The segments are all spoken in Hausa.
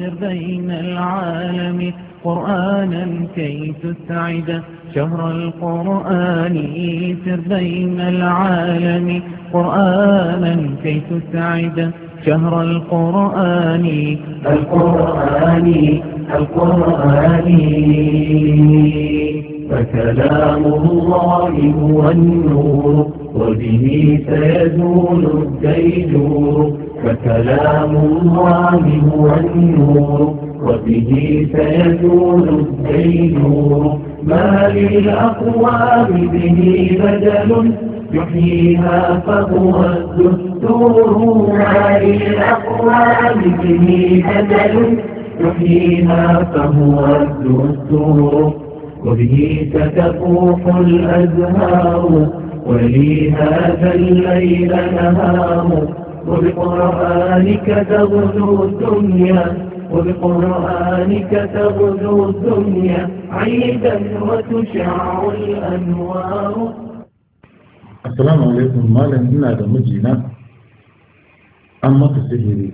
وسر بين العالم قرآنا كي تسعد شهر القرآن سر بين العالم قرآنا كي تسعد شهر القرآن القرآن القرآن فكلام الله هو النور وبه سيزول الديجور فكلام الله هو النور وبه سيزول الدينور ما للأقوام به بدل يحييها فهو الدستور ما للأقوام به بدل يحييها فهو الدستور وبه ستفوح الأزهار ولي هذا الليل نهار وبقرآنك تغزو الدنيا وبقرآنك تغزو الدنيا عيدا وتشع الأنوار السلام عليكم مالا هنا ده مجينا أما تسهيري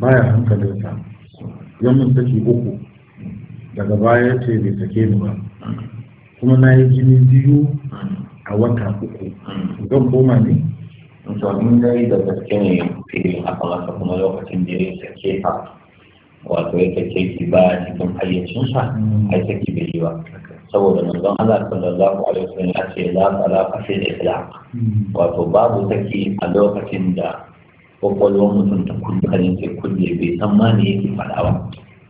بايا هنكاليسا يوم سكي أكو daga baya ce bai sake ni ba kuma na yi jini biyu a wata uku zan koma ne to in dai da gaske ne filin aka masa kuma lokacin da ya sake ka wato ya sake ki ba cikin hayyacinsa mm. ai sake bai yi ba saboda manzon Allah sallallahu alaihi wasallam ya ce la talaqa fil itlaq mm. wato babu saki a lokacin da kwakwalwar mutum ta kulle kanin sai kulle bai san ma me yake faɗa ba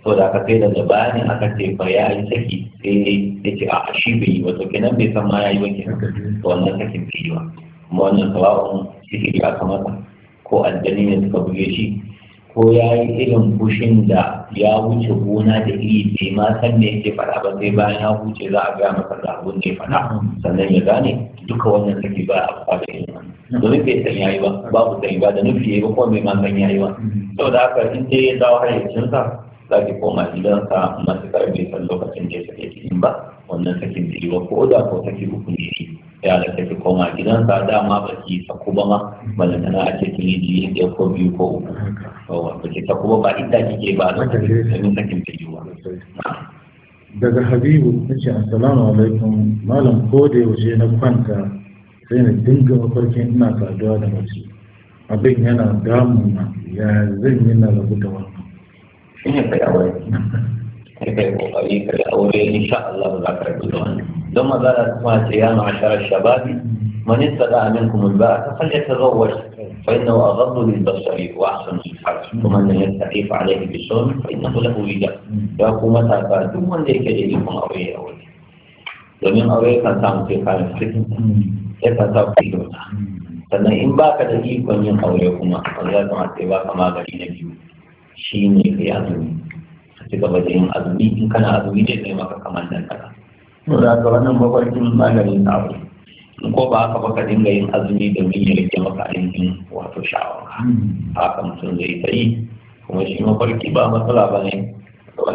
to da aka sai da baya ne aka ce fa ya yi saki sai ya ce a shi bai yi ba to kenan bai san ma ya yi ba kenan to wannan sakin bai yi ba kuma wannan sawa'un sihiri aka ko aljani ne suka buge shi ko ya yi irin fushin da ya wuce gona da iri bai ma san me yake faɗa ba sai bayan ya wuce za a gaya masa da abin da ya faɗa sannan ya gane duka wannan saki ba a faɗa da ilimin domin bai san yayi ba babu sani ba da nufi yi ba ko bai ma san yayi ba saboda haka in dai ya dawo sa za ki koma sa masu karbe san lokacin da ya sake ba wannan sakin da yi ba ko da ko saki uku ne Yana halatta ki koma gidansa dama ba ki saku ba ma bala tana a ce kin yi ɗaya ko biyu ko uku yawa ba ki saku ba ba ita kike ba don sakin sakin ta yiwuwa daga habibu ta ce assalamu alaikum malam ko da yaushe na kwanta sai na dinga mafarkin ina saduwa da mace abin yana damuna ya zan yi na rabu da wannan shi ne sai كتاب البخاري في الأول إن شاء الله بذكر الدوان ثم بلغت أيام عشر الشباب من اتبع منكم الباء فليتزوج فإنه أغض للبصر وأحسن الحرف ومن لم يستحيف عليه بالسن فإنه له وداء يا قوم تابع ثم يجيكم إليكم أوي أوي لم يأوي فتام في قال السجن فتام في دونه sannan in ba ka da ikon yin aure kuma ba za ka ma tsaye ci gaba da yin azumi in kana azumi zai zai maka kamar nan kaza Ko da ka wannan mafarkin maganin na abu ko ba haka ba ka dinga yin azumi domin ya rike maka ainihin wato sha'awa hmm. haka mutum zai ta yi kuma shi mafarki ba matsala ba ne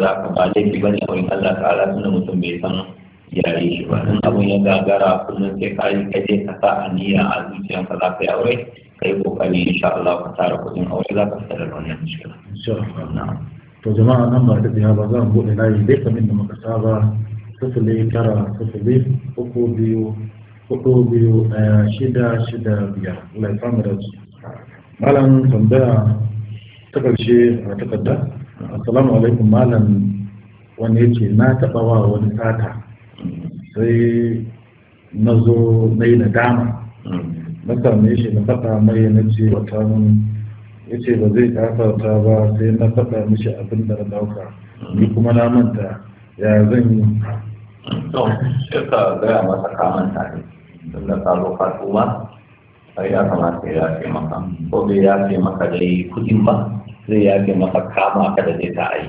da aka ba laifi ba ne a wurin Allah ala tunda mutum bai san yare shi ba in abun ya gagara kullum sai ka yi kaje ka sa aniya a zuciyarka za ka yi aure ka yi kokari insha Allah ka tara kuɗin aure za ka fitar da wannan cikin. to jama'a nan ba daɗewa ba za mu buɗe layi dai kamin da muka saba sifili tara sifili uku biyu hudu biyu ɗaya shida shida biyar Allah ya da su malam tambaya ta ƙarshe a takarda assalamu alaikum malam wani ya ce na taɓa wa wani sata sai na zo na yi dama mm. na same shi na faɗa mai na ce wata mun ya ce ba zai kafarta ba sai na faɗa mishi abin da na ɗauka ni kuma na manta ya zan yi to sai ka gaya masa ka manta ne tun da ka zo ka tuba sai ya kamata ya yafe maka ko bai yafe maka da yi kuɗin ba zai yafe maka kama ka da zai ta yi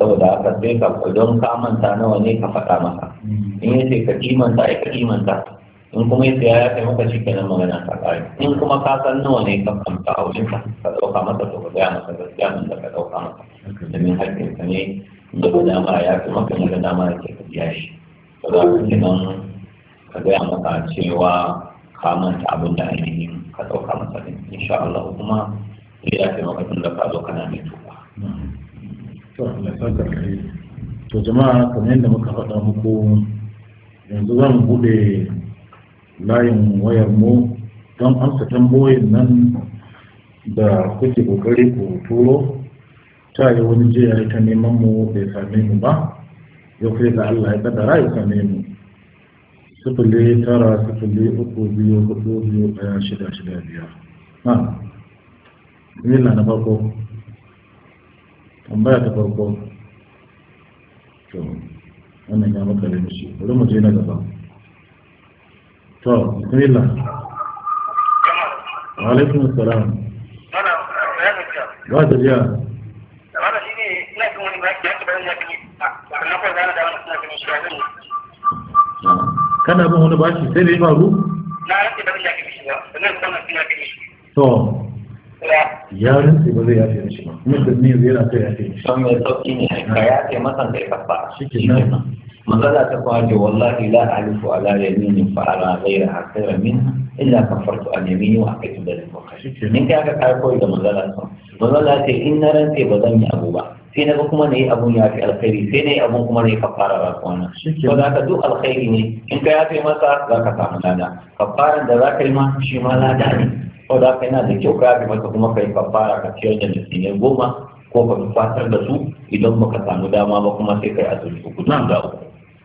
saboda haka sai ka don ka manta nawa ne ka faɗa maka in yace ka kimanta ai ka kimanta in kuma ya saya ya kai maka shikenan magana ta kare in kuma ka san nawa ne ka kamta a wurin ka ka dauka masa to ka gaya masa gaskiya mun da ka dauka masa domin hakkin ka ne da ba dama ya fi maka ne da dama ya ke ka biya shi to za ka kenan ka gaya maka cewa ka manta abin da ainihin ka dauka masa ne insha Allah kuma ya fi maka tun da ka zo kana mai tuba. to Allah ya to jama'a kamar yadda muka faɗa muku yanzu zan buɗe layin wayar mu don amsa tambayoyin nan da kuke kokari ku turo ta yi wani jiya ya ta neman mu bai same mu ba ya kai da Allah ya kadara ya same mu sifili tara sifili uku biyu hudu biyu ɗaya shida shida biyar na mila na farko tambaya ta farko to wannan ya maka da mishi bari mu je na gaba to bismillah wa alaikum assalam ba ta jiya kana bin wani bashi sai da yi faru? na rantsi ba zai yafe mishi ba sannan kuma sun yafe mishi to ya rantsi ba zai yafe mishi ba kuma da ne zai yafe mishi. Son mai sauƙi ne, ka yafe masa da ya kafa. Shi ke nan. magana ta kwaje wallahi la alifu ala yaminin fa ala ghayra hakira minha illa kafartu an yamini wa akaitu da al-fakhr nin ka ka kai koyi da magana ta magana ta in na rantse ba zan yi abu ba sai na ga yi abun ya sai na yi abun kuma na yi kafara alkhairi ne in ka yafe masa za ka samu lada kafaran da za ka yi ma shi ma lada ko da ka yana da kyau ka yafe kuma ka yi ka ciyar da miskinai goma ko fatar da su idan baka samu dama ba kuma sai kai azumi uku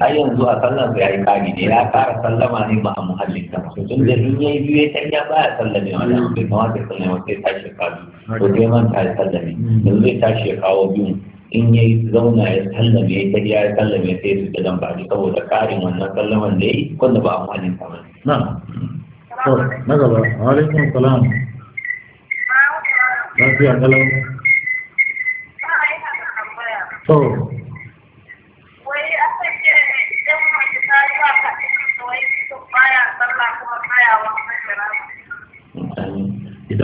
Har yanzu a sallan ya yi kari ne ya fara sallama ne ba a muhallin ka to tun da in yi biyu ya tanya ba a sallame wani, dan bai kamata sallame sai tashi kawo ta yi man ta sallame yanzu zai tashi ya kawo biyu in yi zauna ya sallame ya tanya ya sallame sai su da dan ne saboda karin wannan sallaman da yayi wanda ba a muhallin ka ba na gaba alaikum salam lafiya kalau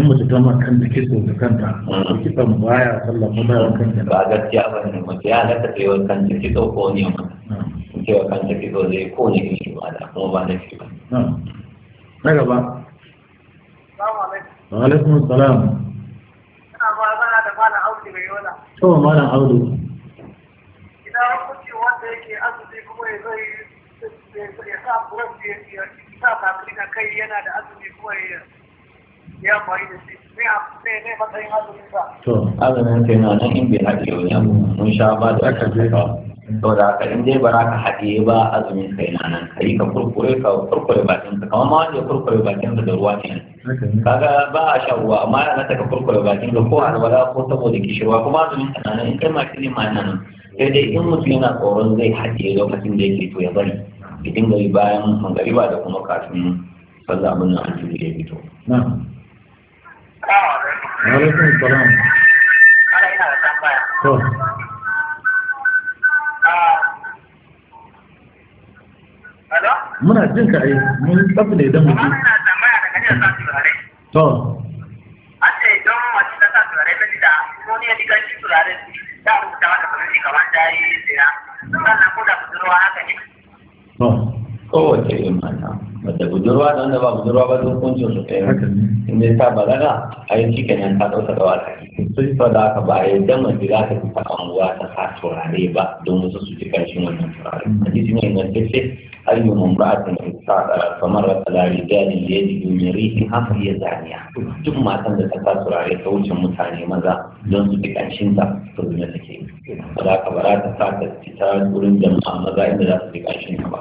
idan mace ta makan kan da kitso da kanta mm. kitson baya sallah ko baya kanta ba gaskiya ba ne mace ya da ta yi wa kanta kitso ko ne ma mm. cewa kanta kitso zai ko ne kishi ba da kuma ba da shi ba mm. na gaba wa alaikum salam ina ba ba da malam audu mai yola to malam audu idan ci wanda yake azumi kuma ya zai ya sa burafi ya sa bakri na kai yana da azumi kuma ya to azumin kai na nan in bai haɗe wani abu mun sha ba da aka je ba saboda haka in dai ba za ka haɗe ba azumin kai na nan ka yi ka kurkure ka kurkure bakin ka kamar ma wanda ya kurkure bakin da ruwa ne kaga ba a sha ruwa amma ana ta ka kurkure bakin ka ko alwala ko saboda kishirwa kuma azumin ka na nan in kai ma shi ne ma nan sai dai in mutum yana tsoron zai haɗe lokacin da yake to ya bari ya dinga yi bayan mangariba da kuma kafin sallah abin nan an ya fito. Alaikun salam. Ana ina da tambaya. To. Ah, hello? Muna jin ka ai, mun tsafi da idan mutum. Ina tambaya daga jiya sa turare. To. A ce don mace ta sa turare ta ji da wani ya diga shi turare da rubuta ta kuma shi kamar ta yi tsira. Sannan ko da budurwa haka ne. To. Kowace imana. da budurwa da wanda ba budurwa ba duk kuncin su kai in dai ta balaga a yi cikin nan ta ɗauka da wata sun fa da aka ba a yi jan mace za ta fita anguwa ta sa turare ba don wasu su ji ƙarshen wannan turare a ji jini na tafe har yi mai sa a kamar rasa lari jani ya ji domin rihi hafi ya zaniya duk matan da ta sa turare ta wuce mutane maza don su ji ƙarshen ta to na take ba za ka ba za ta sa ta fita wurin jama'a maza inda za su ji ƙarshen ta ba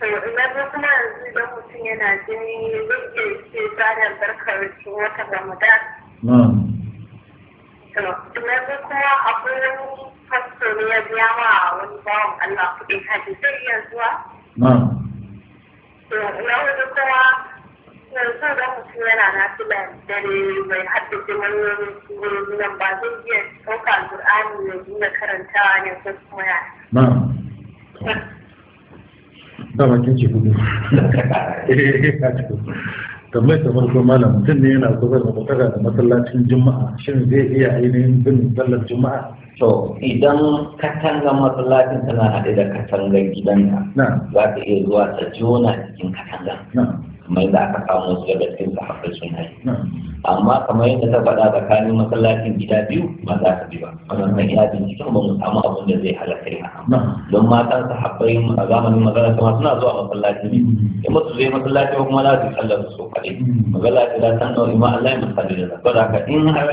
na biyu kuma yanzu idan mutum yana jini zai ke ce tsarin barkar shi wata ramadan to na biyu kuma akwai wani fasto ne ya biya wa wani bawan allah kuɗi, haji zai iya zuwa to na hudu kuma yanzu idan mutum yana na fila dare bai haddace manyan wurin nan ba zai iya ɗauka alƙur'ani ya nuna karantawa ne ko kuma ya dama kin ce hudu eh, tambayar ta farko malam mutum ne yana kusa da mutaka da masallacin juma'a shin zai iya ainihin bin sallar juma'a to idan katangar masallacin tana haɗe da katangar gidanka za ta iya zuwa ta jona cikin katangar Kuma yadda aka samu su daga cikin sahabbai suna yi amma kamar yadda ta faɗa tsakanin masallacin gida biyu ba za ta bi ba wannan ina cikin ba mu samu abin da zai halatta ya don matan sahabbai a zamanin magana kuma suna zuwa masallaci biyu, mm-hmm. in mutu zai masallaci kuma za su sallar su kaɗai mm-hmm. magana ta san nau'i ma Allah ya masallaci da zaka da haka in har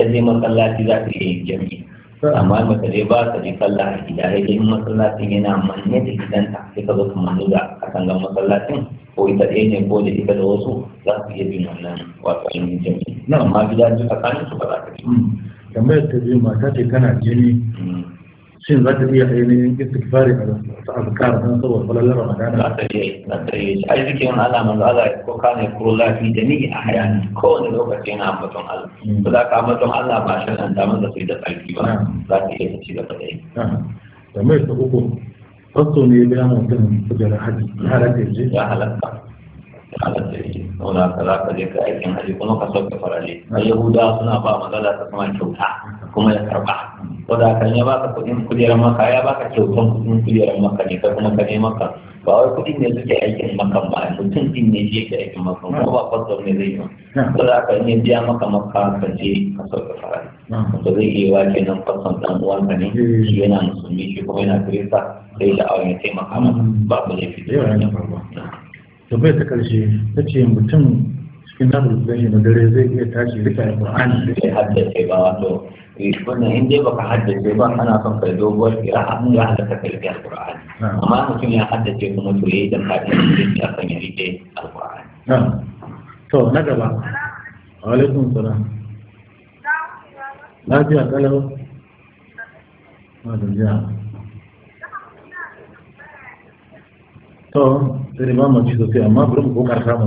ta je masallaci za ta iya yin jami'i amma ba ka ba ka ji kalla a gida sai dai masallacin yana manne da gidanta sai ka zo ka manu da akan ga masallacin ko ita ɗaya ne ko da ita da wasu za su iya bin wannan wato ainihin jami'i amma gida duka kanin su ba za ka je. kamar hmm. ta je mata ce kana jini hmm. shin za ta iya ainihin istighfari a ta azkar dan saboda falalar ramadana za ta iya za ta iya ai zikirin Allah manzo Allah ya ko kana kuro lafi da ni a hayani kowane lokaci yana ambaton Allah hmm. ba za ka ambaton Allah ba shi da su da tsarki ba hmm. za ta iya ci gaba da yi da hmm. mai ta uku fasto ne ya biya mutum kujerar haji ya halatta ya halatta ala sai saboda haka za ka je ka aikin haji kuma ka sauke farale na yahuda suna ba magana ta kuma kyauta kuma ya karba Ko saboda haka ya baka kudin kujerar maka ya baka kyautan kudin kujerar maka ne ka kuma ka je maka ba wai kudin ne suke aikin maka ba mutum din ne shi yake aikin maka kuma ba kwastar ne zai yi saboda haka in ya biya maka maka ka je ka sauke farale to zai iya wa kenan kwastar ɗan ka ne shi yana musulmi shi kuma yana kirista sai da awon ya taimaka masa babu laifi da yawa tambayar ta karshe ta ce mutum cikin namun zai na dare zai iya tashi rika da qur'ani da ke haddace ba wato eh, wannan in dai baka haddace ba ana son kai doguwar qira'a mun ya haddace kai da qur'ani amma mutum ya haddace kuma to yayi da fadin da a kan ya rike alqur'ani to na gaba wa alaikum salam lafiya kalau ma da jiya to sai ba mu ci sosai amma bari mu kokarta mu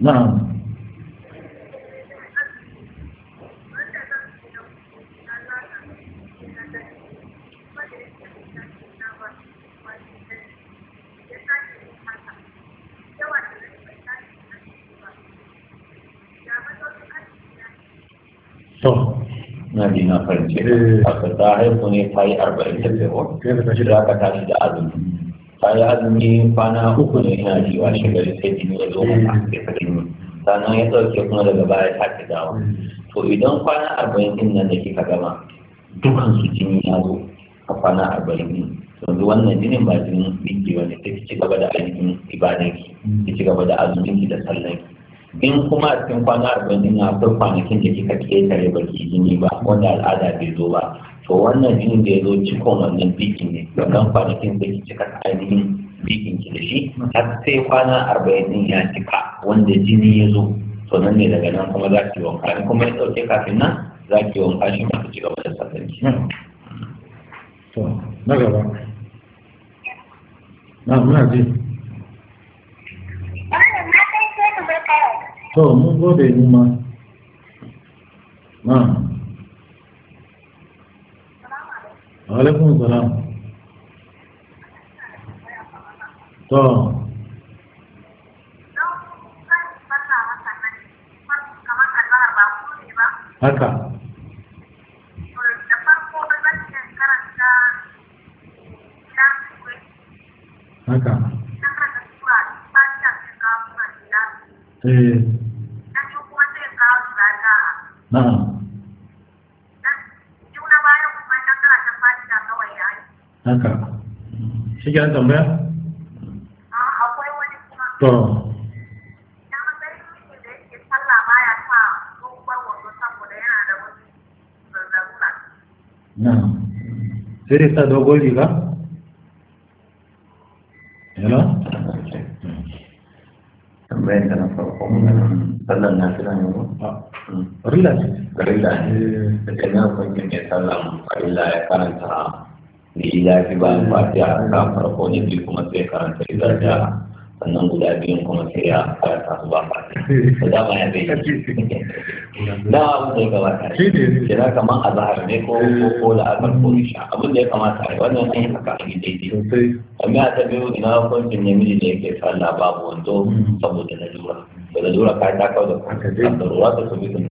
não. na'am to na bi na eh. haka ta ne ta yi arba'in da tsoro da ka tashi da azumi ta yi azumi kwana uku ne ina ji wa shekaru sai jini da zuwa a cikin ka sannan ya tsarki kuma daga baya ta ke dawo hmm. to idan kwana arba'in din nan da kika gama dukansu jini ya zo a kwana arba'in din yanzu wannan jinin ba jinin ɗinki wani sai ki ci gaba da ainihin ibadanki ki ci gaba da azuminki da sallanki in kuma a cikin kwana arba'in na akwai kwanakin da kika ketare ba ki jini ba wanda al'ada bai zo ba to wannan jinin da ya zo cikon wannan bikin ne kan kwanakin da ki cika ainihin bikin ki da shi har sai kwana arba'in din ya cika wanda jini ya zo to nan ne daga nan kuma za ki wanka in kuma ya ɗauke kafin nan za ki wanka shi masu ci gaba da sallanci. to na gaba na muna ji to mun gode mu ma na alaikum salam to haka kike an tambaya akwai wani kuma to Sai dai sa dogon riga? yana Tambayar da na farko sallar na fi ne ba? Ah, rila ce. Rila ce. Da kan kwanke mai sallar farilla ya karanta da ya fi bayan a ta farko ne biyu kuma sai karanta idan da sannan guda biyun kuma sai ya karanta su ba fatiha da dama ya zai da abu da gaba ta yi kira kamar a zahar ne ko ko da azar ko sha abin da ya kamata a yi wannan an yi haka a yi daidai amma ta biyu ina ne namiji da yake sallah babu wando mm. saboda lalura da lalura ka ta kawo da kan da ruwa da su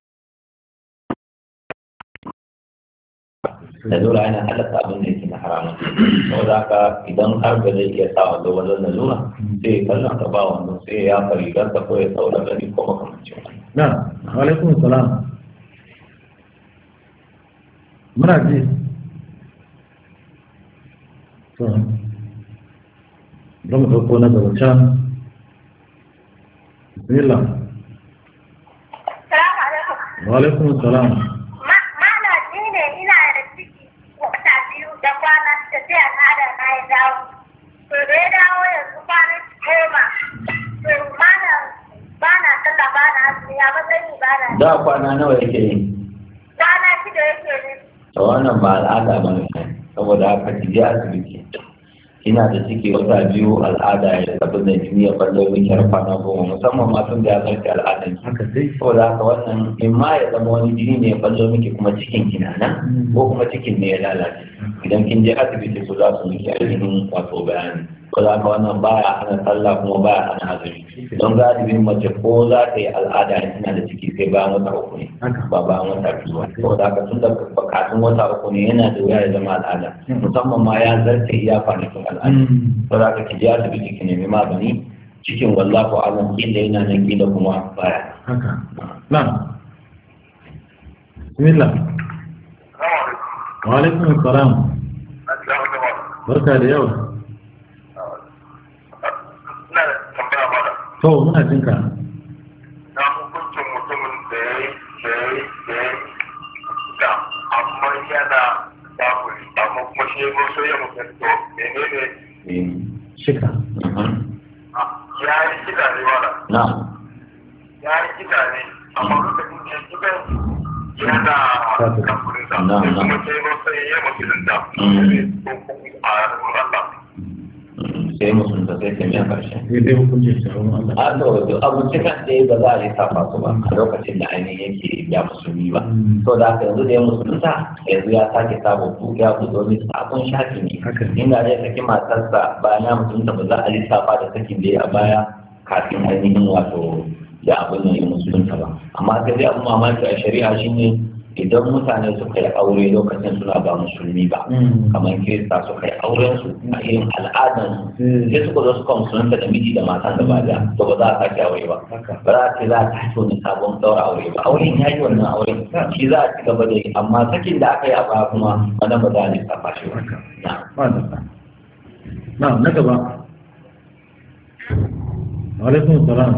نزول آئینا حلق تابن نیسی نحرام او دا کا ایدن خر پر دی کیسا و دو وزن نزولا سی کلنا تبا و اندو سی یا پر ایدن السلام مرا جی رمو فکو نزول چان بسم الله السلام عليكم وعليكم السلام ya dawo to da ya dawo yanzu kwanan goma to ba na ba na ya matsayi ba na da kwana nawa yake yi kwana shida yake ne to wannan ba al'ada ba ne saboda haka ki asibiti ina da ciki wata biyu al'ada ya tafi da jini ya farko kyarfa kwana goma musamman masu da ya sarki al'ada ne haka sai saboda haka wannan in ma ya zama wani jini ne ya kwallo miki kuma cikin kina na ko kuma cikin ne ya lalace idan kin je asibiti su za su miki ainihin wato bayani ko za ka wannan baya hana sallah kuma baya hana azumi don za yi mace ko za ta yi al'ada a tana da ciki sai bayan wata uku ne ba bayan wata biyu ba ko za ka tunda bakatun wata uku ne yana da wuya ya zama al'ada musamman ma ya zarce iya kwanakin al'ada ko za ka ki ji asibiti ki nemi magani cikin wallahu alam kila yana nan kila kuma baya haka na bismillah wa alaikum assalam barka da yau to muna jin ka na hukuncin mutumin da ya yi da ya yi da ya yi da amma yana kafiri amma kuma shi ya so ya to menene eh, shika mhm. ah, ya yi shika ne wala na ya yi shika ne amma lokacin da ya shika yana kafirin sa kuma sai ya mutu da mhm. ko kuma sai mutum da sai kamiya karshe. Sai hukuncin sharon Allah. A to da ba za a yi safa su ba a lokacin da ainihin yake ya musulmi ba. Hmm. To da haka yanzu da ya musulunta yanzu ya sake sabo ku ya ku domin sabon shafi ne. Inda zai saki matarsa bayan ya musulunta ba za a lissafa da sakin da ya baya kafin ainihin wato ya abin da ya musulunta ba. Amma sai dai abin mamaki a shari'a shine idan mutane suka yi aure lokacin suna ba musulmi ba mm. kamar kirista suka yi auren su a irin al'adan mm. sai suka zo suka musulunta da miji da matan da ba to ba za a sake aure ba ba za a ce za a tashi wani sabon daura aure ba aure ya yi wannan aure. shi za a ci gaba da yi amma sakin da aka yi a baya kuma wannan ba za a lissafa shi ba na na gaba alaikum salam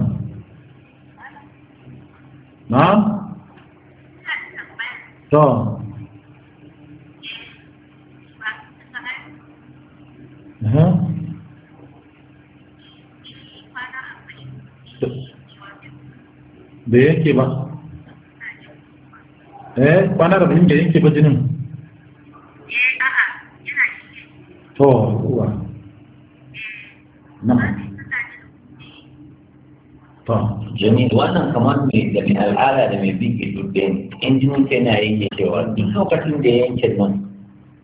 तो हाँ तो, देखिए Eh, kwanar abin da yanke ba jinin? To, uwa. Na. jami wannan kamar mai da mai al'ada da mai bigi dubbe ne injinin ta yana yanke cewa duk lokacin da ya yanke nan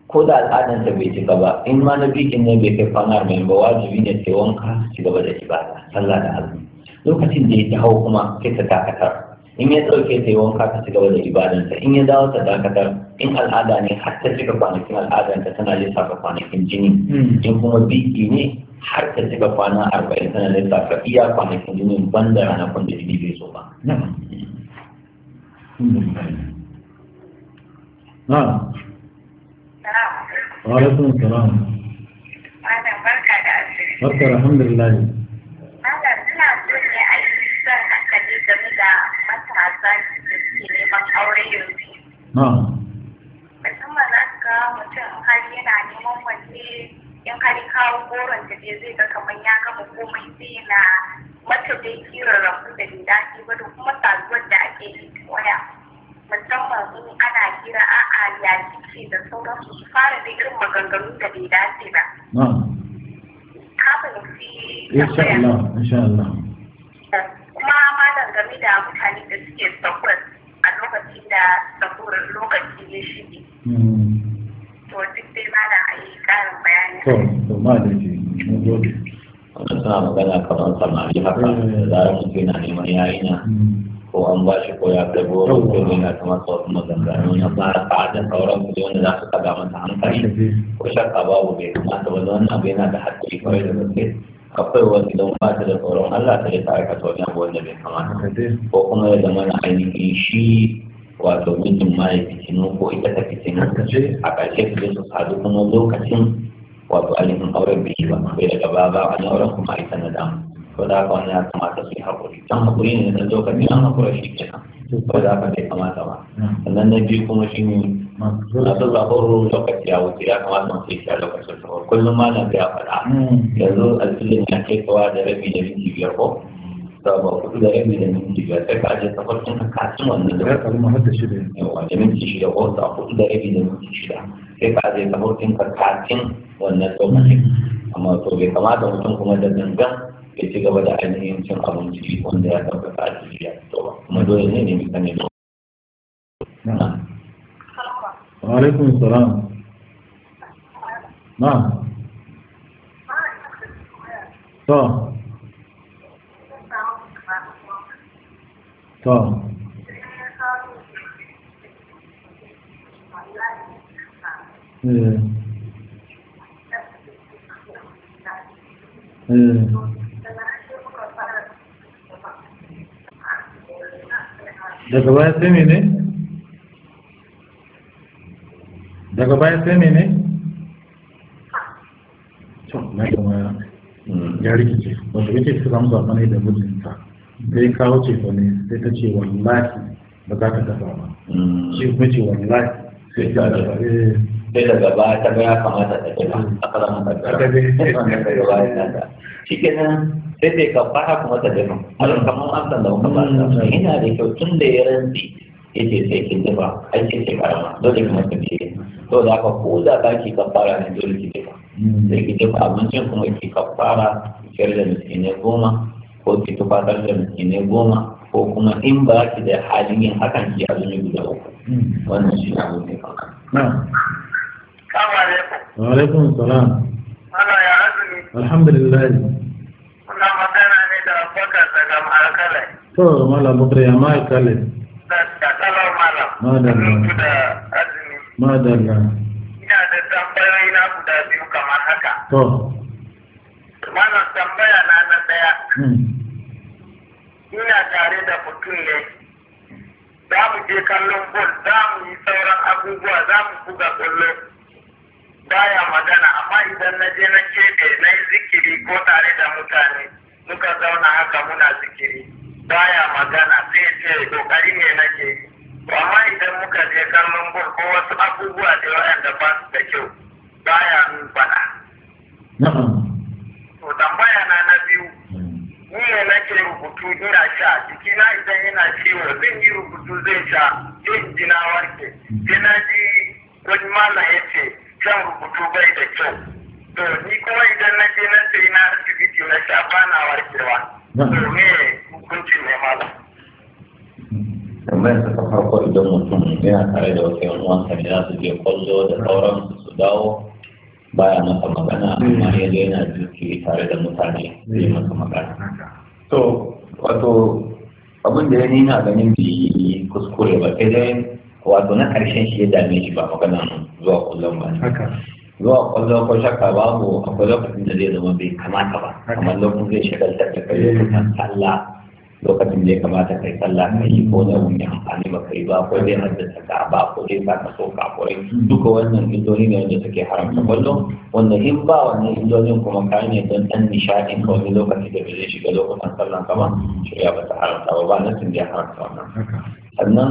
ko da al'adansa bai cika ba in ma na bikin ne bai kai fana mai ba wajibi ne ta wanka ci gaba da ibada sallah da azumi lokacin da ya ta hau kuma sai ta dakatar in ya ɗauke sai wanka ta ci gaba da ibadansa in ya dawo ta dakatar in al'ada ne har ta cika kwanakin al'adar ta tana lissafa kwanakin jini in kuma biki ne har ta cika kwana arba'in tana lissafa iya kwanakin jini banda ranakun da jini bai so ba. Na'am. Wa alaikum salam. Malam barka da asiri. Barka alhamdulillah. Malam ina so ne a yi son hankali game da matasa da suke neman aure yanzu. Na'am. ga mutum har yana neman wanne in har kawo goron da zai ga kamar ya gama komai sai na mata dai kiran rabu da bai dace ba da kuma saduwar da ake yi waya musamman in ana kira a'a ya ce da sauransu su fara da irin maganganu da bai dace ba. Kafin Insha Allah, insha Allah. Kuma ma dangane da mutane da suke sakwar a lokacin da sakwar lokaci ya shige. Hmm. yawon duk a mun magana kamar eh. na neman yayina. Mm. ko an ba shi ko ya kai goro ko yana kamar sauran maganganu na fara fa'a da sauran su wanda za su kaga masa hankali ko shakka babu bai kamata ba wannan abu yana da haƙƙi kawai da gaske akwai wani don ba da tsoron Allah ta rika aikata wani abu wanda bai kamata ko kuma ya zama na ainihin shi wato mijin ma ya fitinu ko ita ta fitinu a ƙarshe su su sadu kuma lokacin wato ainihin auren bai ba bai daga baba wani auren kuma ita na damu ko da haka wani ya kamata su yi haƙuri can haƙuri ne na lokacin an haƙura shi ke ko da haka bai kamata ba sannan na biyu kuma shi ne masu zaɓar lokaci ya wuce ya kamata masu yi a lokacin sahur kullum ma na biya faɗa hmm. yanzu alfilin ya kai kawa da rabi da minti biyar ko sabon kudu da rabi da minti biyar sai ka je tafarkin ka kasu wannan da ya kalma hadda shida yawa da minti shida ko da kudu da rabi da minti shida sai ka je tafarkin ka kasin wannan lokacin amma to bai kamata mutum kuma da gangan ya ci gaba da ainihin cin abinci wanda ya tabbata a cikin ya fito ba kuma dole ne ne mai sani da wa alaikum salam na'am to to eh. Eh. daga baya sai mene daga baya sai mene na mm, ya rikice samu da mijinta sai kawo ce ne sai ta ce wallahi ba za ta gaba ba mm. shi kuma ce wallahi sai ta dafa eh. sai ta gaba ta ga ya kamata ta kira a kalan ta kira shi ke nan sai dai ka fara kuma ta dafa alin kamar an san da kuma ba mm. ina da kyau tun da ya rantsi yace sai kin dafa ai sai sai karama dole kuma kin ce to da ka ko da ka ki kafara ne dole ki dafa mm. sai ki dafa abincin kuma ki kafara ki da miskinai goma ko ki tufatar da miskinai goma ko kuma in ba ki da halin yin hakan ki azumi guda uku wannan shi ne abin da ya faɗa. Wa alaikum salam. Ana ya azumi. Alhamdulillah. Kuna magana ne da Abubakar daga Ma'alkale. To Malam Bakar ya Ma'alkale. Da Takalar Malam. Madalla. Da azumi. Madalla. Ina da tambayoyi na guda biyu kamar haka. To. Malam tambaya na na ɗaya. Hmm. Ina tare da mutum ne. Za mu je kallon bol, za mu yi sauran abubuwa, za mu buga ƙwallo. Baya magana, amma idan na je na keɓe na yi zikiri ko tare da mutane, muka zauna haka muna zikiri. Baya magana, sai ce ƙoƙari ne nake yi. amma idan muka je kallon bol ko wasu abubuwa da waɗanda ba su da kyau baya min faɗa. rubutu ina sha jikina idan yana ciwo zan yi rubutu zai sha zan ji na warke sai na ji wani mala ya ce zan rubutu bai da kyau to ni kuma idan na je na sai na asibiti na sha ba na warkewa to me hukuncin ne mala tambayar ta ta farko idan mutum yana tare da wata yan wanka ne za su je kwallo da sauran su dawo baya masa magana amma yadda yana duki tare da mutane zai masa magana to wato abin da ya nina ganin bi kuskure ba kai dai wato na karshen shi ya dame shi ba magana zuwa kullum ba zuwa kwallo ko shakka ba babu akwai lokacin da zai zama bai kamata ba kamar lokacin zai shagaltar da kai lokacin sallah lokacin da ya kamata kai sallah ka yi ko da wani amfani ba kai ba ko dai haddasa ka ba ko dai sa ka so ka ko duka wannan illoli ne wanda suke haramta kwallo wanda in ba wannan illolin kuma ka ne don dan nishaɗi ka wani lokaci da bai zai shiga lokutan sallah ka ba shirya ba ta haramta ba ba na tun da haramta wannan sannan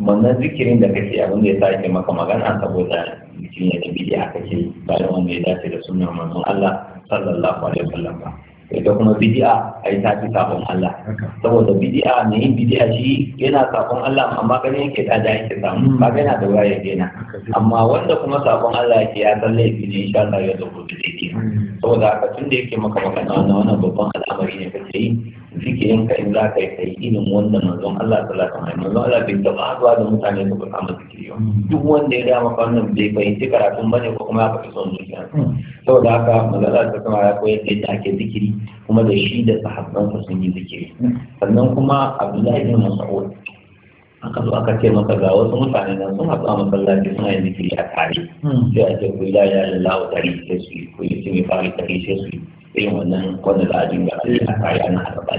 wannan zikirin da kake abin da ya sa maka magana saboda jikin ya da bidiya kake bayan wanda ya dace da sunan manzon Allah sallallahu alaihi wasallam ba ita kuma bidi'a a ta fi sabon Allah saboda bidi'a ne yin bidi'a shi yana sakon Allah amma gani yake ta da yake samu ba hmm. yana da ya yana amma wanda kuma sakon Allah yake ya san laifi ne insha Allah ya zo gobe da yake hmm. saboda haka tun da yake maka magana na wannan babban al'amari ne kace yi zikirin ka in za ka yi kai irin wanda manzon Allah sallallahu alaihi manzon Allah bai ba haɗuwa da mutane su ba kama zikiri ba duk wanda ya dama fannin bai fahimci karatun bane ko kuma ya faɗi son zuciya saboda haka manzon Allah ta kama ya koyar da yadda ake zikiri kuma da shi da sahabban sa sun yi zikiri sannan kuma Abdullahi bin Mas'ud aka zo aka ce maka ga wasu mutane nan sun haɗu a masallaci suna yin zikiri a tare sai a ce ku la ilaha illallah wa tari sai su yi ku yi su mai fari tari sai su yi irin wannan wanda za a dinga a tsaye ana haɗa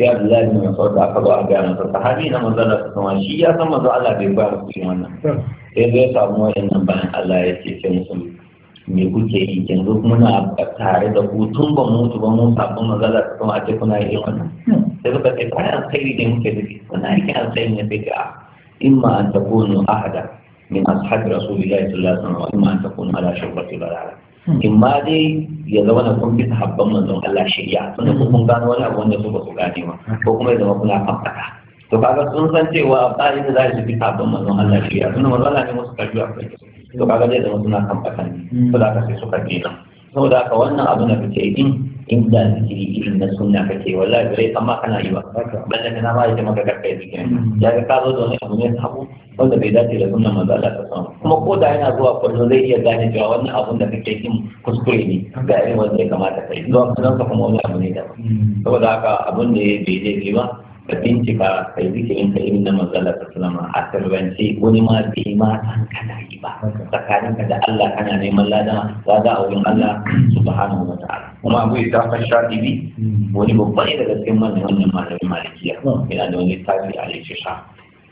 sai abdullahi bin mas'ud da aka zo a gaya masa sahabi na manzon Allah sama shi ya san manzon Allah bai ba su yin wannan sai zai samu wayannan bayan Allah ya ce sai musu me kuke yi yanzu muna tare da ku tun ba mutu ba mun sabon manzon Allah sama a ce kuna yin wannan sai suka ce kai alkhairi da muke da kuna yake alkhairi ne sai ka imma an takunu ahada min ashabi rasulillahi sallallahu alaihi wasallam wa imma an takunu ala shubati balala in ma dai ya zama na kun bi habban manzon Allah shirya wanda kun gano wani abu wanda su ba su gane ba ko kuma ya zama kuna fafaka to kaga sun san cewa ba inda za su bi habban manzon Allah shirya suna manzon Allah ne musu karbi a kai to kaga zai zama suna kan fakan ne to da ka sai suka gina saboda haka wannan abu na fice din inda zikiri irin na sunna kake wallahi bare amma kana yi ba balle na ma yace maka karkai zikiri ya ga ka zo da wani abu ne wanda bai dace da sunnan manzo Allah ta samu kuma ko da yana zuwa kullu zai iya gane cewa wannan abun da kake in kuskure ne ga irin wanda ya kamata kai zuwa kusan ka kuma wani abu ne da hmm. saboda haka abun da bai daidai ba ka bincika kai zikirin ka irin na manzala ta sulama a tarbanci wani ma bai ma san kana yi ba tsakanin ka da Allah kana neman lada za a wurin Allah subhanahu wa ta'ala kuma abu ita fa shadibi wani babba ne daga cikin manyan wannan malamin malikiya yana da wani tafi a sha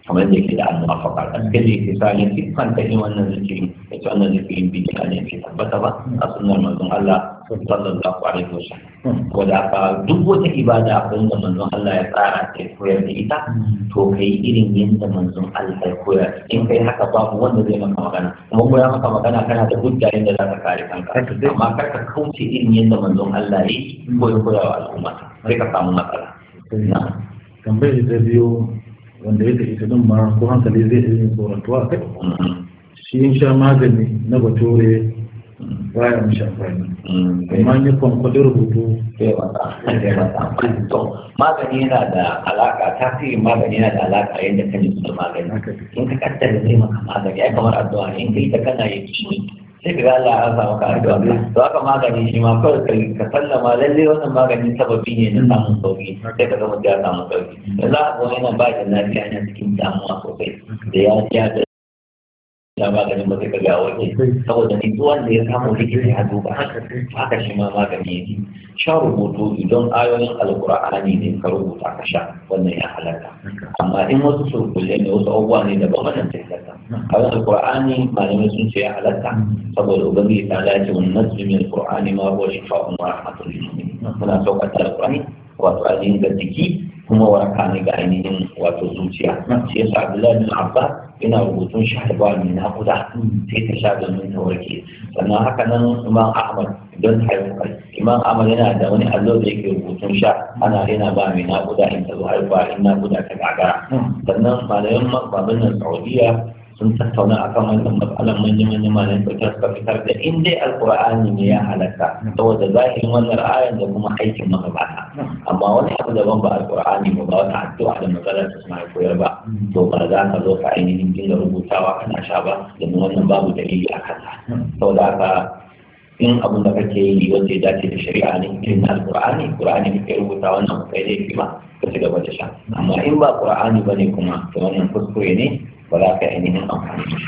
kamar da yake da al-muwafaqa a cikin da yake sa ne sifan ta wannan zikirin ya ce wannan zikirin bin ne ke tabbata ba a sunan manzon Allah sallallahu alaihi wasallam ko da ka duk wata ibada abin da manzon Allah ya tsara ta koyar da ita to kai irin yadda manzon Allah ya koyar in kai haka mu wanda zai maka magana kuma ya maka magana kana da hujja yadda za ka kare kanka amma kar ka kauce irin yadda manzon Allah ya yi ko ya koya wa al'umma sai ka samu matsala tambayar ta biyo wanda ya ita din ma ko hankali zai iya tsorantuwa kai mm-hmm. shi in sha magani na bature baya mishi amfani amma ni kan kudi rubutu sai wata sai wata to magani yana da alaka tasirin magani yana da alaka yadda ka nufi da magani in ka kaddara zai maka magani ai kamar addu'a in yi ta kana yi kishi sai ka Allah ya sa maka addu'a to haka magani shi ma kawai kai ka sallama lalle wannan magani sababi ne na samun sauki sai ka zama ya samu sauki yanzu a ga yana ba da lafiya yana cikin damuwa sosai da ya ya da na maganin ba sai ka ga wani saboda ni duk da ya samu likita a duba haka shi ma magani ne sha rubutu idan ayoyin alkur'ani ne ka rubuta ka sha wannan ya halarta amma in wasu surkulle ne wasu abubuwa ne da ba wannan sai halarta ayoyin alkur'ani malamai sun ce ya halarta saboda ubangiji ta dace wani nazmi min alkur'ani ma huwa shifa'un wa rahmatul lil mu'minin muna saukata alkur'ani wato ainihin ga jiki kuma waraka ne ga ainihin wato zuciya shi yasa abdullahi bin abbas yana rubutun shahaba mai nakuda sai ta sha domin ta warke sannan haka nan imam ahmad don haihuwa imam ahmad yana da wani allo da yake rubutun sha ana yana ba mai nakuda in ta zo haihuwa in nakuda ta gagara hmm. sannan malayan babban nan saudiya sun tattauna a kan wannan matsalar manya manya malamin kyauta suka fitar da in dai alkur'ani ne ya halatta, saboda zahirin wannan ayan da kuma aikin magabata amma wani abu daban ba alkur'ani ba wata addu'a da matsalar ta suna koyar ba to ba za ka zo ka ainihin dinga rubutawa kana sha ba domin wannan babu dalili a kansa saboda haka in abin da kake yi wanda ya dace da shari'a ne irin na alkur'ani qur'ani da ke rubuta wannan kai laifi ba ka ci gaba da sha amma in ba ba ne kuma to wannan kuskure ne ba za ka ainihin amfani da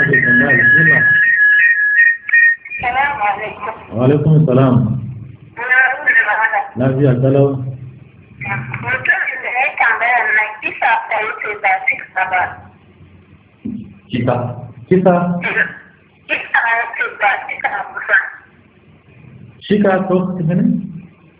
shi wa alaikum salam lafiya kalau mutum da ya tambaya na kisa ta wuce ba kisa ba kisa kisa kisa ba kisa ba shika ko kisa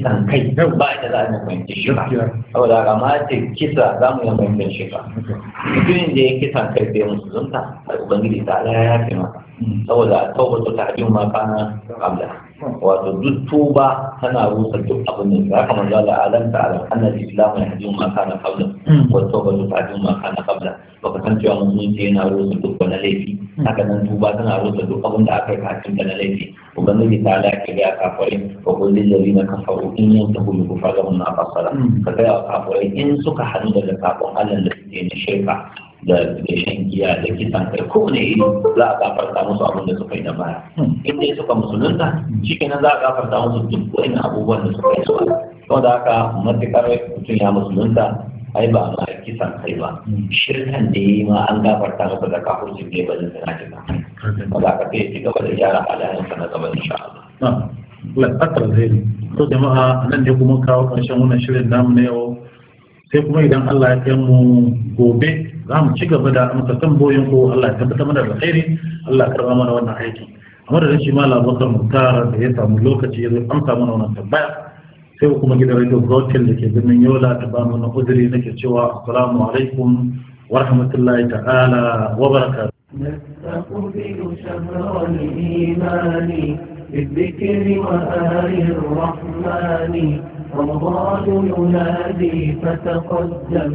kisan kai ba ta za a fahimci shi ba saboda haka mace kisa za mu yi fahimtar shi ba mutumin da ya kisan kai bai musulunta a ubangiji ta ala ya yafe maka, hmm. saboda tawbatu ta hajjin ma kana hmm. kabla wato duk tuba tana rusa duk abin da ya kama zuwa da alam ta alam islamu ya ma kana hmm. wa ta ma kana san cewa musulunci yana rusa duk wani laifi hmm. haka nan tuba tana rusa duk abin da aka yi kafin da na laifi ubangiji ta lafi da kafirai wa kullin ladina kafaru in yantahu yughfaru lahum ma qasara hmm. ka ga kafirai in suka hadu daga kafin Allah da suke na shirka da shan giya da kisan kai kowane iri za a gafarta musu abin da suka yi da baya in dai suka musulunta shi kenan za a gafarta musu duk wani abubuwan da suka yi da baya da haka matuƙar mutum ya musulunta ai ba ma kisan kai ba shirkan da yi ma an gafarta masa da kafurcin ne ba zai suna jina ba za ka sai ci gaba da gyara halayensa na gaba insha Allah. Lafakar zai to jama'a nan ne kuma kawo ƙarshen wannan shirin namu na yau sai kuma idan Allah ya kai mu gobe zamu ci gaba da amsa tambayoyin ko Allah ya tabbata mana da khairi Allah ya karba mana wannan aiki amma da shi mala bakar mutar da ya samu lokaci yanzu zo amsa mana wannan tambaya sai kuma gidan radio broadcast da ke birnin yola ta ba mana uzuri nake cewa assalamu alaikum wa rahmatullahi ta'ala wa barakatuh نستقبل شهر الإيمان بالذكر وآل الرحمن رمضان ينادي فتقدم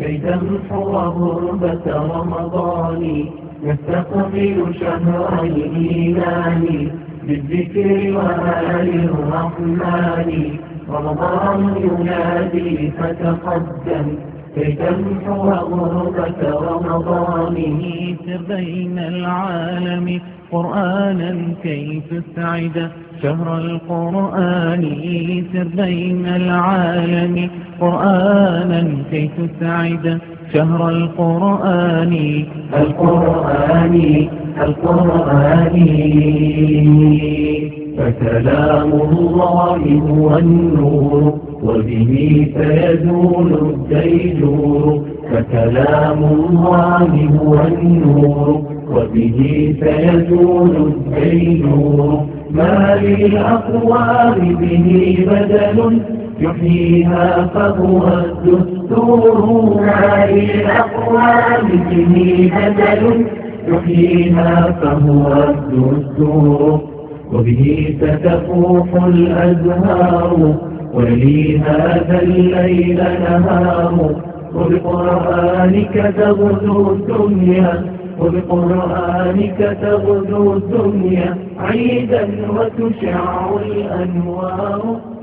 كي تمحو غربة رمضاني نستقبل شهر الإيمان بالذكر وآل الرحمن رمضان ينادي فتقدم لتمحو غربة رمضانه بين العالم قرآنا كي تسعد شهر القرآن سر بين العالم قرآنا كي تسعد شهر القرآن القرآن القرآن فكلام الله هو النور وبه سيزول الديدور فكلام الله هو النور وبه سيزول الديدور ما للأقوال به بدل يحييها فهو الدستور ما للأقوام به بدل يحييها فهو الدستور وبه ستفوح الأزهار ولي هذا الليل نهار وبقرآنك تغدو الدنيا وبقرآنك تغدو الدنيا عيدا وتشع الأنوار